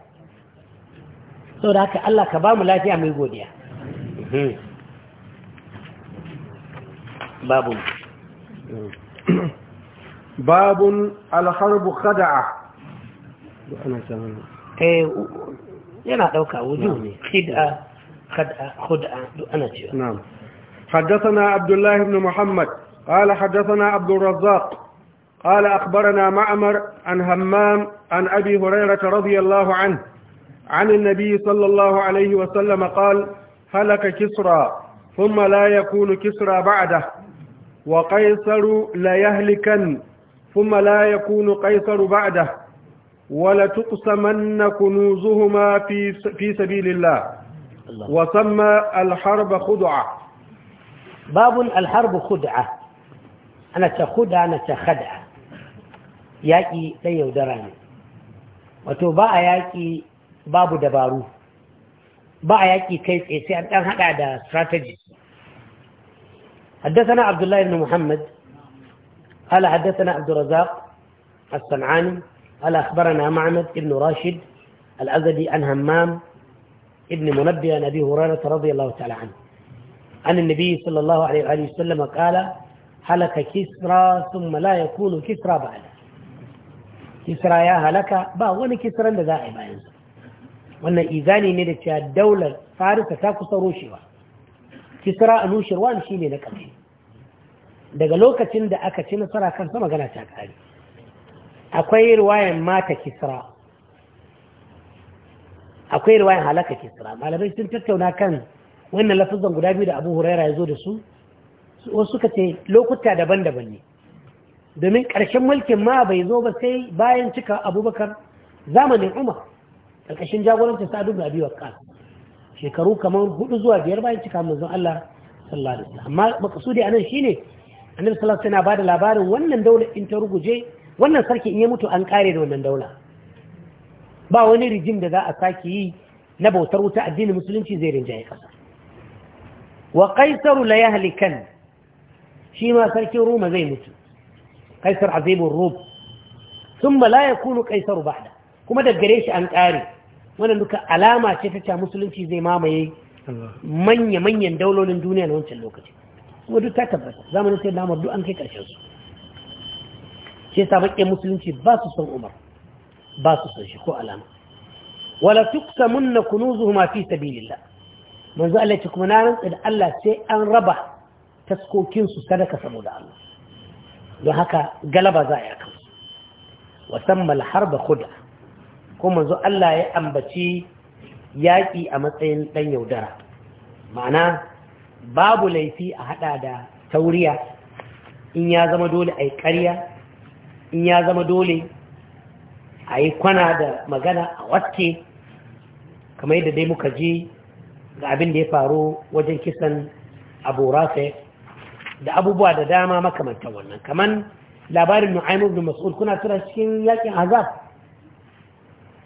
saboda haka Allah ka ba mu lafiya mai godiya babu باب الحرب خدعة يلا ɗauka wujuh ne khid'a khad'a khud'a حدثنا عبد الله بن محمد قال حدثنا عبد الرزاق قال أخبرنا معمر عن همام عن أبي هريرة رضي الله عنه عن النبي صلى الله عليه وسلم قال هلك كسرى ثم لا يكون كسرى بعده وقيصر ليهلكن ثم لا يكون قيصر بعده ولتقسمن كنوزهما في في سبيل الله, وسمى الحرب خدعة باب الحرب خدعة أنا تخدع أنا تخدع yaƙi ɗan yaudara ne wato ba a yaƙi babu dabaru ba a yaƙi kai tsaye sai an حدثنا عبد الله بن محمد قال حدثنا عبد الرزاق الصنعاني قال أخبرنا معمد بن راشد الأزدي عن همام ابن منبه عن أبي هريرة رضي الله تعالى عنه عن النبي صلى الله عليه وآله وسلم قال هلك كسرى ثم لا يكون كسرى بعد كسرى يا هلك با وني كسرى da za a yi bayan wannan izani ne da cewa daular farisa ta kusa rushewa kisra a nushirwan shi ne na ƙarshe daga lokacin da aka ci nasara kan sama gana ta kare akwai ruwayan mata kisra akwai ruwayan halaka kisra malamai sun tattauna kan wannan lafazan guda biyu da abu huraira ya zo da su wasu suka ce lokuta daban-daban ne domin ƙarshen mulkin ma bai zo ba sai bayan cika abubakar zamanin umar ƙarƙashin jagorancin sa'adu ga biyu waƙa shekaru kamar hudu zuwa biyar bayan cika mazan Allah sallallahu alaihi wasallam amma makasudi anan shine annabi sallallahu alaihi wasallam ba bada labarin wannan daular in ta ruguje wannan sarki in ya mutu an kare da wannan daula ba wani rijim da za a sake yi na bautar wuta addinin musulunci zai rinjaye kasa wa Kaisaru la yahlikan shi ma sarkin roma zai mutu kaisar rom sun ma la yakunu kaisaru ba'da kuma da gare shi an kare wannan duka alama ce ta cewa musulunci zai mamaye manya manyan daulolin duniya na wancan lokaci kuma duk ta tabbata zamanin sai lamar duk an kai karshen su shi yasa baƙin musulunci ba su son umar ba su son shi ko alama wala tuksamunna kunuzuhuma fi sabilillah manzo Allah kuma na rantsa da Allah sai an raba taskokin su sadaka saboda Allah don haka galaba za a yi kansu wa sammal harba khuda ko manzo Allah ya ambaci yaƙi a matsayin ɗan yaudara ma'ana babu laifi a haɗa da tauriya in ya zama dole a yi ƙarya in ya zama dole a yi kwana da magana a waske kamar yadda dai muka ji ga abin da ya faru wajen kisan abu rafe da abubuwa da dama makamantar wannan kamar labarin nu'aimu ibn mas'ud kuna tura cikin yakin azab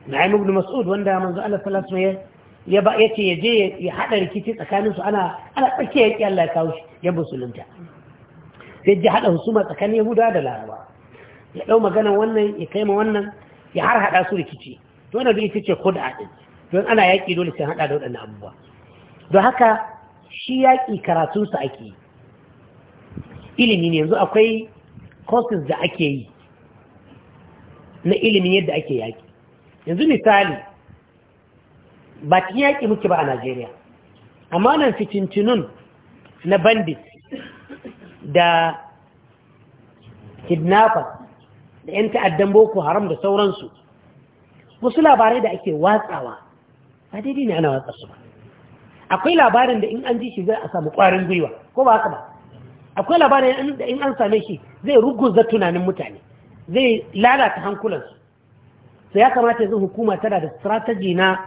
nu'aimu ibn mas'ud wanda manzo Allah sallallahu alaihi wasallam ya ce ya je ya hada rikici tsakanin su ana ana tsakiya yake Allah ya kawo shi ya musulunta sai ya hada husuma tsakanin Yahudawa da Larabawa ya ɗau maganan wannan ya kai ma wannan ya har haɗa su rikici to wannan rikici ce ko da haɗin don ana yaƙi dole sai haɗa da waɗannan abubuwa don haka shi yaƙi karatunsa ake yi ilimi ne yanzu akwai courses da ake yi na ilimin yadda ake yaƙi yanzu misali ba cikin yaƙi muke ba a najeriya amma nan fitintinun na bandit da kidnappers da 'yan ta'addan boko haram da sauransu wasu labarai da ake watsawa ba daidai ne ana watsa su ba akwai labarin da in an ji shi zai a samu ƙwarin gwiwa ko ba haka ba akwai labarin da in an same shi zai ruguza tunanin mutane zai lalata hankulansu sai ya kamata zai hukuma tana da strategy na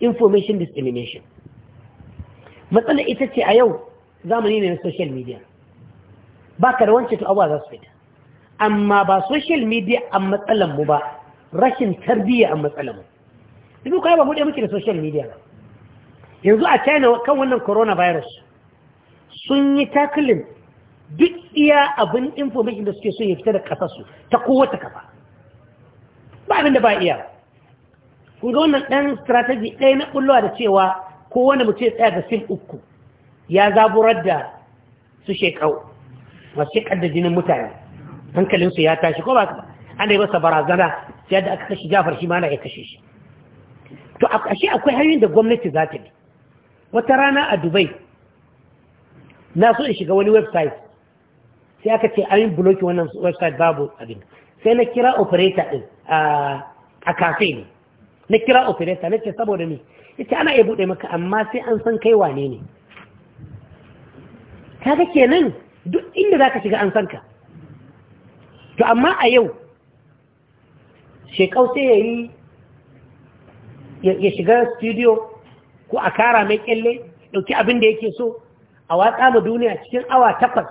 information dissemination matsala ita ce a yau zamani ne na social media ba ka da wancan abuwa za su fita amma ba social media a matsalan mu ba rashin tarbiyya a matsalan mu duk kai ba mu da muke da social media yanzu a China kan wannan coronavirus sun yi tackling duk iya abin information da suke so ya fita da kasarsu ta kowace kafa ba abin da ba iya kun ga wannan ɗan strategy ɗaya na ƙullowa da cewa kowane mutum ya tsaya ga sim uku ya zaburar da su shekau masu shekar da jinin mutane hankalinsu ya tashi ko ba su ana yi masa barazana yadda aka kashe jafar shi ma ya kashe shi to ashe akwai hanyoyin da gwamnati za ta bi wata rana a dubai na so in shiga wani website sai aka ce an yi bloki wannan website babu abin sai na kira operator din a kafe ne na kira operator na ce saboda ne ita ana iya buɗe maka amma sai an san kai wane ne kaga kenan duk inda zaka shiga an san ka to amma a yau shekau sai ya yi ya shiga studio ko a kara mai kyalle ɗauki abin da yake so a watsa ma duniya cikin awa takwas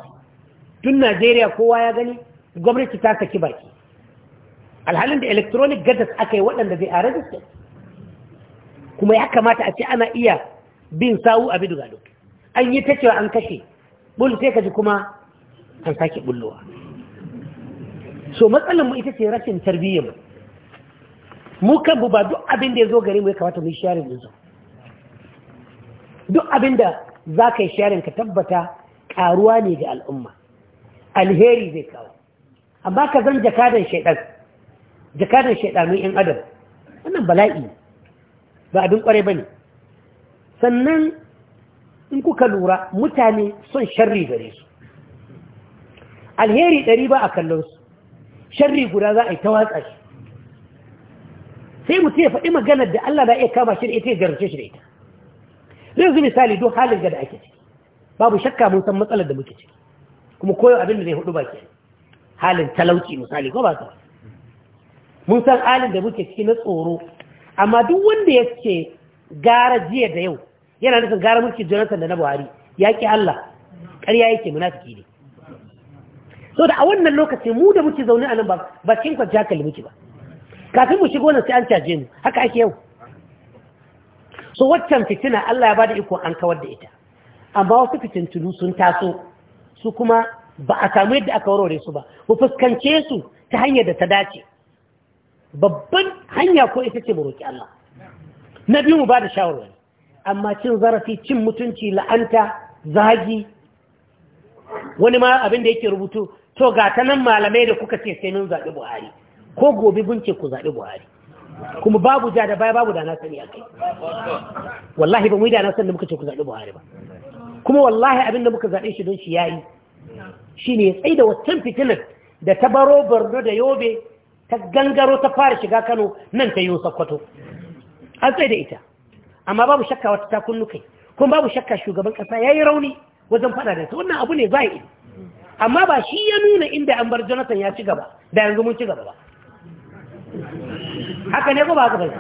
tun najeriya kowa ya gani gwamnati ta saki baki alhalin da electronic gadget aka yi waɗanda zai a rajistar kuma ya kamata a ce ana iya bin sawu a bidu doki an yi ta cewa an kashe bulu sai ka kuma an sake bullowa so matsalar mu ita ce rashin tarbiyyar mu mu kan bu ba duk abin da ya zo gare mu ya kamata mu yi sharin zo duk abin da za ka yi ka tabbata karuwa ne ga al'umma alheri zai kawo amma ka zan jakadan shaidan jakadan yan adam wannan bala'i ba abin kwarai ne. sannan in kuka lura mutane son sharri gare su alheri ɗari ba a kallon su sharri guda za a yi ta watsa shi sai mutum ya faɗi maganar da Allah na iya kama shi da ita ya jarrace shi da ita zai zu misali don halin ga da ake ciki babu shakka mun san matsalar da muke ciki kuma koyo abin da zai hudu baki halin talauci misali ko ba ka mun san halin da muke ciki na tsoro amma duk wanda ya ce gara jiya da yau yana nufin gara mulki jonathan da na buhari ya ki allah ƙarya yake munafiki ne so da a wannan lokaci mu da muke zaune a nan ba ba cikin kwanciya muke ba kafin mu shigo nan sai an caje mu haka ake yau so waccan fitina Allah ya bada iko an kawar da ita amma wasu fitintunu sun taso su kuma ba a samu yadda aka warware su ba mu fuskance su ta hanyar da ta dace babban hanya ko ita ce mu roki Allah na biyu mu ba da shawarwari amma cin zarafi cin mutunci la'anta zagi wani ma abin da yake rubutu to ga ta nan malamai da kuka ce sai mun zaɓi buhari ko gobe bunce ku zaɓi buhari kuma babu ja da baya babu da na sani a kai wallahi ba mu yi da na sani da muka ce ku zaɓi buhari ba kuma wallahi abin da muka zaɓe shi don shi yayi shi ne ya tsaye da waccan fitilar da ta baro borno da yobe ta gangaro ta fara shiga kano nan ta yi sakwato an tsaye da ita amma babu shakka wata takunnukai kuma babu shakka shugaban ƙasa ya yi rauni wajen faɗa da ta wannan abu ne za yi amma ba shi ya nuna inda an bar jonathan ya ci gaba da yanzu mun ci gaba ba haka ne ko ba haka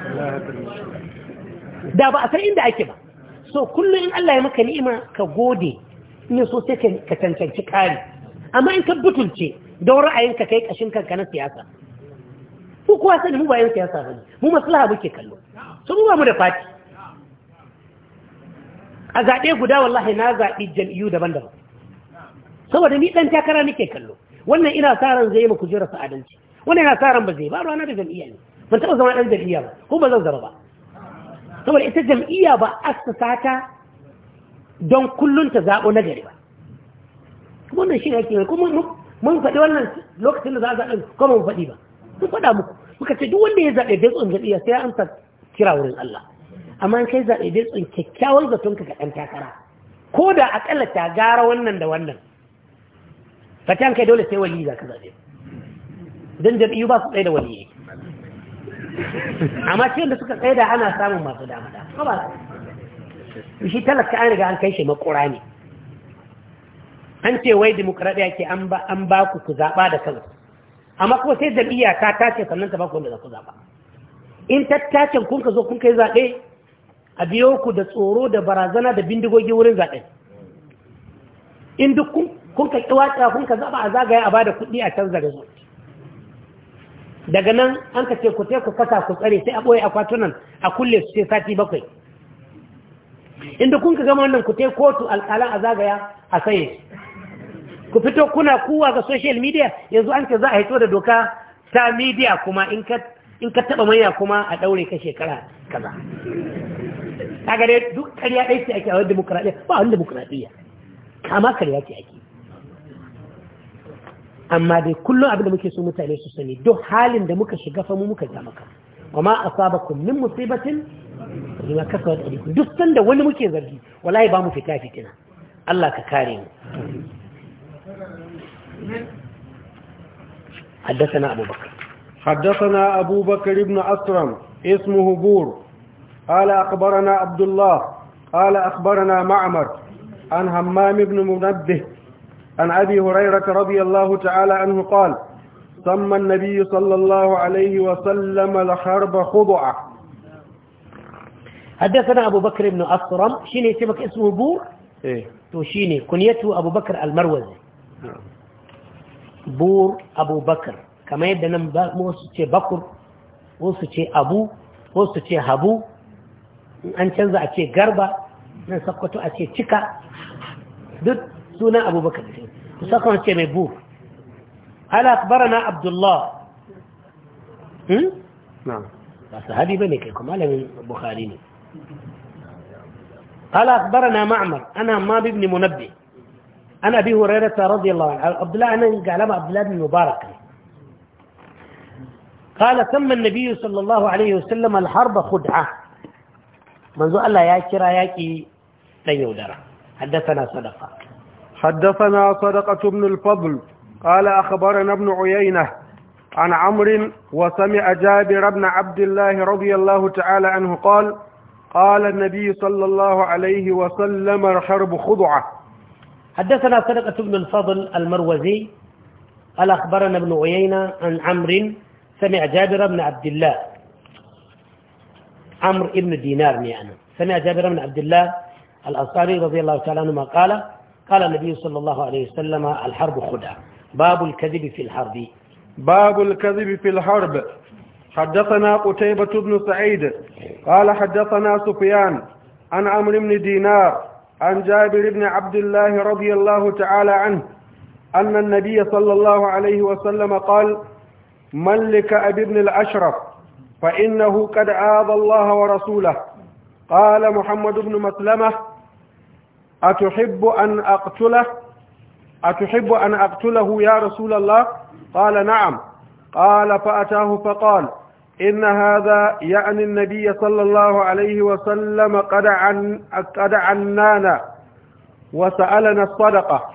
da ba a san inda ake ba so kullum in Allah ya maka ni'ima ka gode ne so sai ka cancanci kari amma in ka butulce don ra'ayinka kai kashin kanka na siyasa ku kowa sani mu bayan yan siyasa ne? mu maslaha muke kallo so mu ba mu da fati a zaɓe guda wallahi na zaɓi jam'iyyu daban-daban saboda ni dan takara nake kallo wannan ina sa ran zai yi muku jira adalci wannan ina sa ran ba zai ba ruwa na da jam'iyya ne ban taɓa zama dan jam'iyya ba ko ba zan zama ba saboda ita jam'iyya ba assasa ta don kullun ta zaɓo na gari ba kuma wannan shi ne ake kuma mun faɗi wannan lokacin da za a zaɓe ko mun faɗi ba mun faɗa muku muka ce duk wanda ya zaɓe bai tsoron jam'iyya sai an sa kira wurin Allah amma in kai zaɓe bai tsoron kyakkyawan zaton ka ga ɗan takara ko da akalla ta gara wannan da wannan ka ci kai dole sai wali za ka zaɓe don jam'iyyu ba su tsaye da wali amma ce da suka tsaye da ana samun masu damada dama ba su shi talaka an riga an kai shi makura ne an ce wai demokradiyya ke an ba ku ku zaɓa da kansu amma kuma sai jam'iyya ta tace sannan ta ba ku wanda za ku zaɓa in ta tace kun ka zo kun kai zaɓe a biyo ku da tsoro da barazana da bindigogi wurin zaɓe, in duk kun kun ka kiwata kun ka zaba a zagaya a bada kuɗi a canza result daga nan an ka ce ku te ku kasa ku tsare sai a ɓoye akwatunan a kulle su ce sati bakwai inda kun ka gama wannan ku te kotu alƙala a zagaya a saye ku fito kuna kuwa ga social media yanzu an ce za a hito da doka ta media kuma in ka taɓa manya kuma a ɗaure ka shekara kaza kaga dai duk ƙarya ɗaya ce ake a wani demokuraɗiyya ba wani demokuraɗiyya kama ƙarya ce ake amma dai kullum abin da muke so mutane su sani duk halin da muka shiga fa mu muka ga maka wa ma asabakum min musibatin bima kasabat aydikum duk sanda wani muke zargi wallahi ba mu fita fitina Allah ka kare mu حدثنا أبو بكر حدثنا أبو بكر بن أسرم اسمه بور قال أخبرنا عبد الله قال أخبرنا معمر عن همام بن منبه عن أبي هريرة رضي الله تعالى عنه قال صم النبي صلى الله عليه وسلم لحرب خضعة حدثنا أبو بكر بن أصرم شيني سمك اسمه بور إيه؟ توشيني كنيته أبو بكر المروزي نعم. بور أبو بكر كما يدنا موسوشي بكر موسوشي أبو موسوشي هبو أن تنزع شي قربة من سقطة تي تشيكا duk دون أبو بكر ساقوا هنسي ميبوه هل أخبرنا عبد الله هم؟ نعم هذه بنك لكم هذا من بخاريني قال أخبرنا معمر أنا ما بابن منبه أنا أبي هريرة رضي الله عنه عبد الله أنا قال عبد الله بن مبارك قال ثم النبي صلى الله عليه وسلم الحرب خدعة منذ الله يا كرا يا كي حدثنا صدقة حدثنا صدقة بن الفضل قال أخبرنا ابن عيينة عن عمرو وسمع جابر بن عبد الله رضي الله تعالى عنه قال قال النبي صلى الله عليه وسلم الحرب خضعة حدثنا صدقة بن الفضل المروزي قال أخبرنا ابن عيينة عن عمرو سمع جابر بن عبد الله عمرو بن دينار يعني سمع جابر بن عبد الله الأنصاري رضي الله تعالى عنه ما قال قال النبي صلى الله عليه وسلم الحرب خدعة باب الكذب في الحرب باب الكذب في الحرب حدثنا قتيبة بن سعيد قال حدثنا سفيان عن عمرو بن دينار عن جابر بن عبد الله رضي الله تعالى عنه أن النبي صلى الله عليه وسلم قال من أبي بن الأشرف فإنه قد عاذ الله ورسوله قال محمد بن مسلمة أتحب أن أقتله أتحب أن أقتله يا رسول الله قال نعم قال فأتاه فقال إن هذا يعني النبي صلى الله عليه وسلم قد, عن قد عنانا وسألنا الصدقة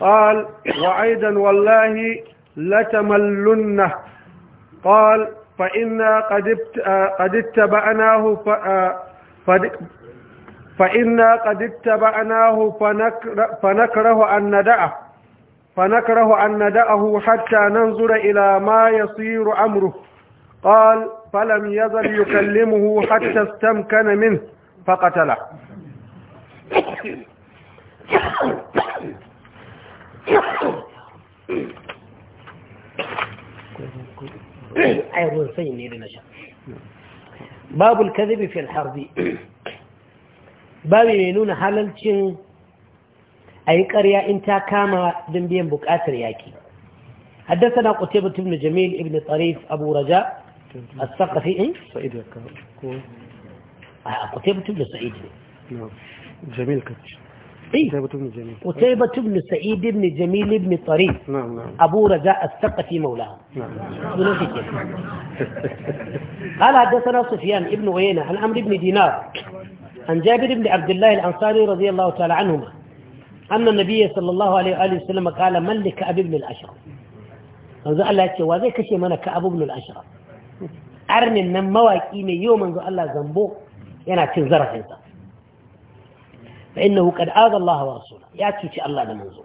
قال وأيضا والله لتملنه قال فإنا قد اتبعناه فإنا قد اتبعناه فنكره أن ندعه فنكره أن ندعه حتى ننظر إلى ما يصير أمره قال فلم يزل يكلمه حتى استمكن منه فقتله باب الكذب في الحرب babi mai nuna halalcin a yi ƙarya in ta kama din biyan buƙatar yaƙi حدثنا قتيبة بن جميل ابن طريف أبو رجاء الثقفي إيه؟ سعيد قتيبة بن سعيد نعم جميل كتش إيه؟ قتيبة بن جميل قتيبة بن سعيد بن جميل بن طريف نعم نعم أبو رجاء الثقفي مولاه نعم قال حدثنا سفيان بن عيينة عن عمرو بن دينار عن جابر بن عبد الله الأنصاري رضي الله تعالى عنهما أن النبي صلى الله عليه وآله وسلم قال من لك أبي بن الأشرف manzo Allah ce wa zai kashe mana ka abubul ashra arnin nan mawaki ne yau manzo Allah zambo yana cin zarafin sa fa innahu aza Allah wa rasula ya cuci Allah da manzo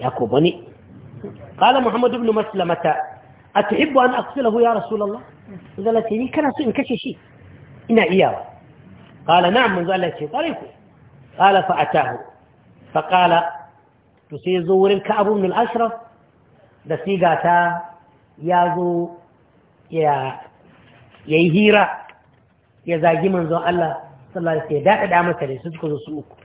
ya ko bani qala muhammad ibn maslamata atuhibbu an aqtilahu ya rasu Allah manzo Allah ce ni kana so in kashe shi ina iyawa Allah ce قال ku. من قال لك طريقه قال فأتاه فقال تسيزور الكعب من الأشرف da siga ta ya zo ya yi hira ya zagi manzo Allah sallallahu alaihi ya daɗaɗa masa da su suka su uku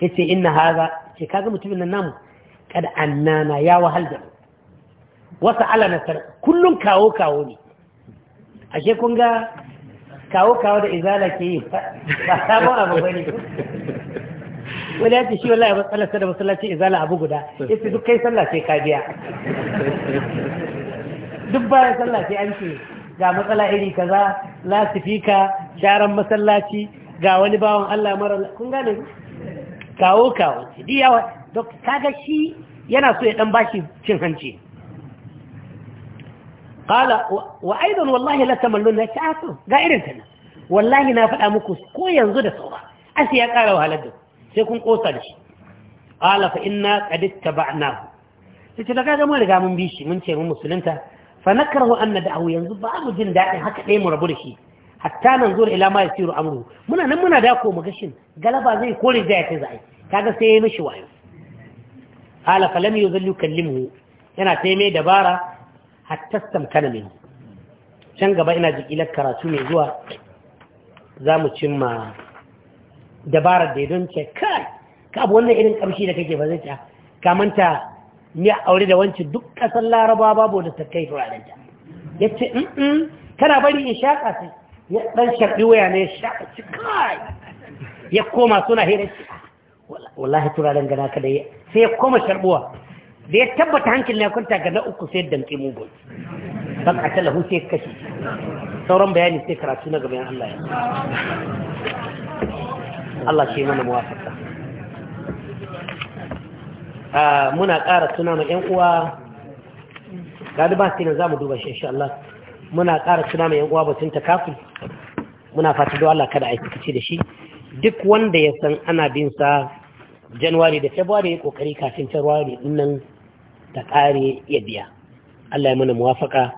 yace inna haza ce kaga mutumin nan namu kad annana ya wahal da wasa ala nasar kullum kawo kawo ne ashe kun ga kawo kawo da izala ke yi ba ta sabon abu bane wani ya ce shi wallahi matsalarsa da masallaci izala abu guda yace duk kai sallah ce ka biya duk bayan sallah ce an ce ga matsala iri kaza lasifika sharan masallaci ga wani bawan Allah mara kun gane kawo kawo diyawa duk kaga shi yana so ya dan bashi cin hanci qala wa aidan wallahi la tamalluna ta asu ga irin ta wallahi na faɗa muku ko yanzu da saura asi ya kara wahalar da sai kun kosa da shi qala fa inna qad ittaba'nahu da kaga mun riga mun bi shi mun ce mun musulunta fa nakrahu an nad'ahu yanzu ba mu jin daɗin haka dai mu rabu da shi hatta nan zuwa ila ma yasiru amru muna nan muna dako mu shin galaba zai kore da ya ta zai kaga sai ya mishi wayo qala fa lam yuzillu kallimu yana taimai dabara hatta tamkana min can gaba ina ji ilar karatu mai zuwa za mu cimma dabarar da ya don ce kai ka abu wannan irin kamshi da kake ba ta kamanta ni aure da wancan duk kasar larabawa babu da sakai ta. ya ce kana bari in shaƙa sai ya ɗan shaɗi waya ne ya shaƙa ci kai ya koma suna hira ce ah, wallahi turaren gana ka da sai ya koma sharɓuwa da ya tabbata hankali ya kwanta ga na uku sai damke mugun ba ka ta lahu sai kashe sauran bayani sai karatu na gabayan Allah ya Allah shi mana muwafaka muna ƙara tuna ma 'yan uwa gadi ba na za mu duba shi insha Allah muna ƙara tuna ma ƴan uwa batun kafin muna fata da Allah kada a yi kace da shi duk wanda ya san ana bin sa Januwari da February kokari kafin February din nan ta kare ya biya Allah ya mana muwafaka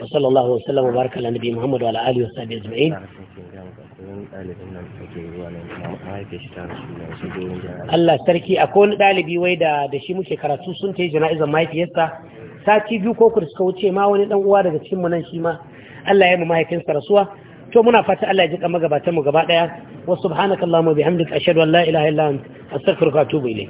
wa sallallahu alaihi wasallam wa baraka ala nabi Muhammad wa ala alihi wa sahbihi ajma'in Allah sarki akwai wani dalibi wai da da shi muke karatu sun ta yi jana'izar mahaifiyarsa sati biyu ko ku suka wuce ma wani dan uwa daga cikin mu nan shi ma Allah ya yi mahaifinsa rasuwa to muna fata Allah ya ji kamar gabatan mu gaba daya wa subhanakallahumma bihamdika ashhadu an la ilaha illa anta astaghfiruka wa atubu ilayk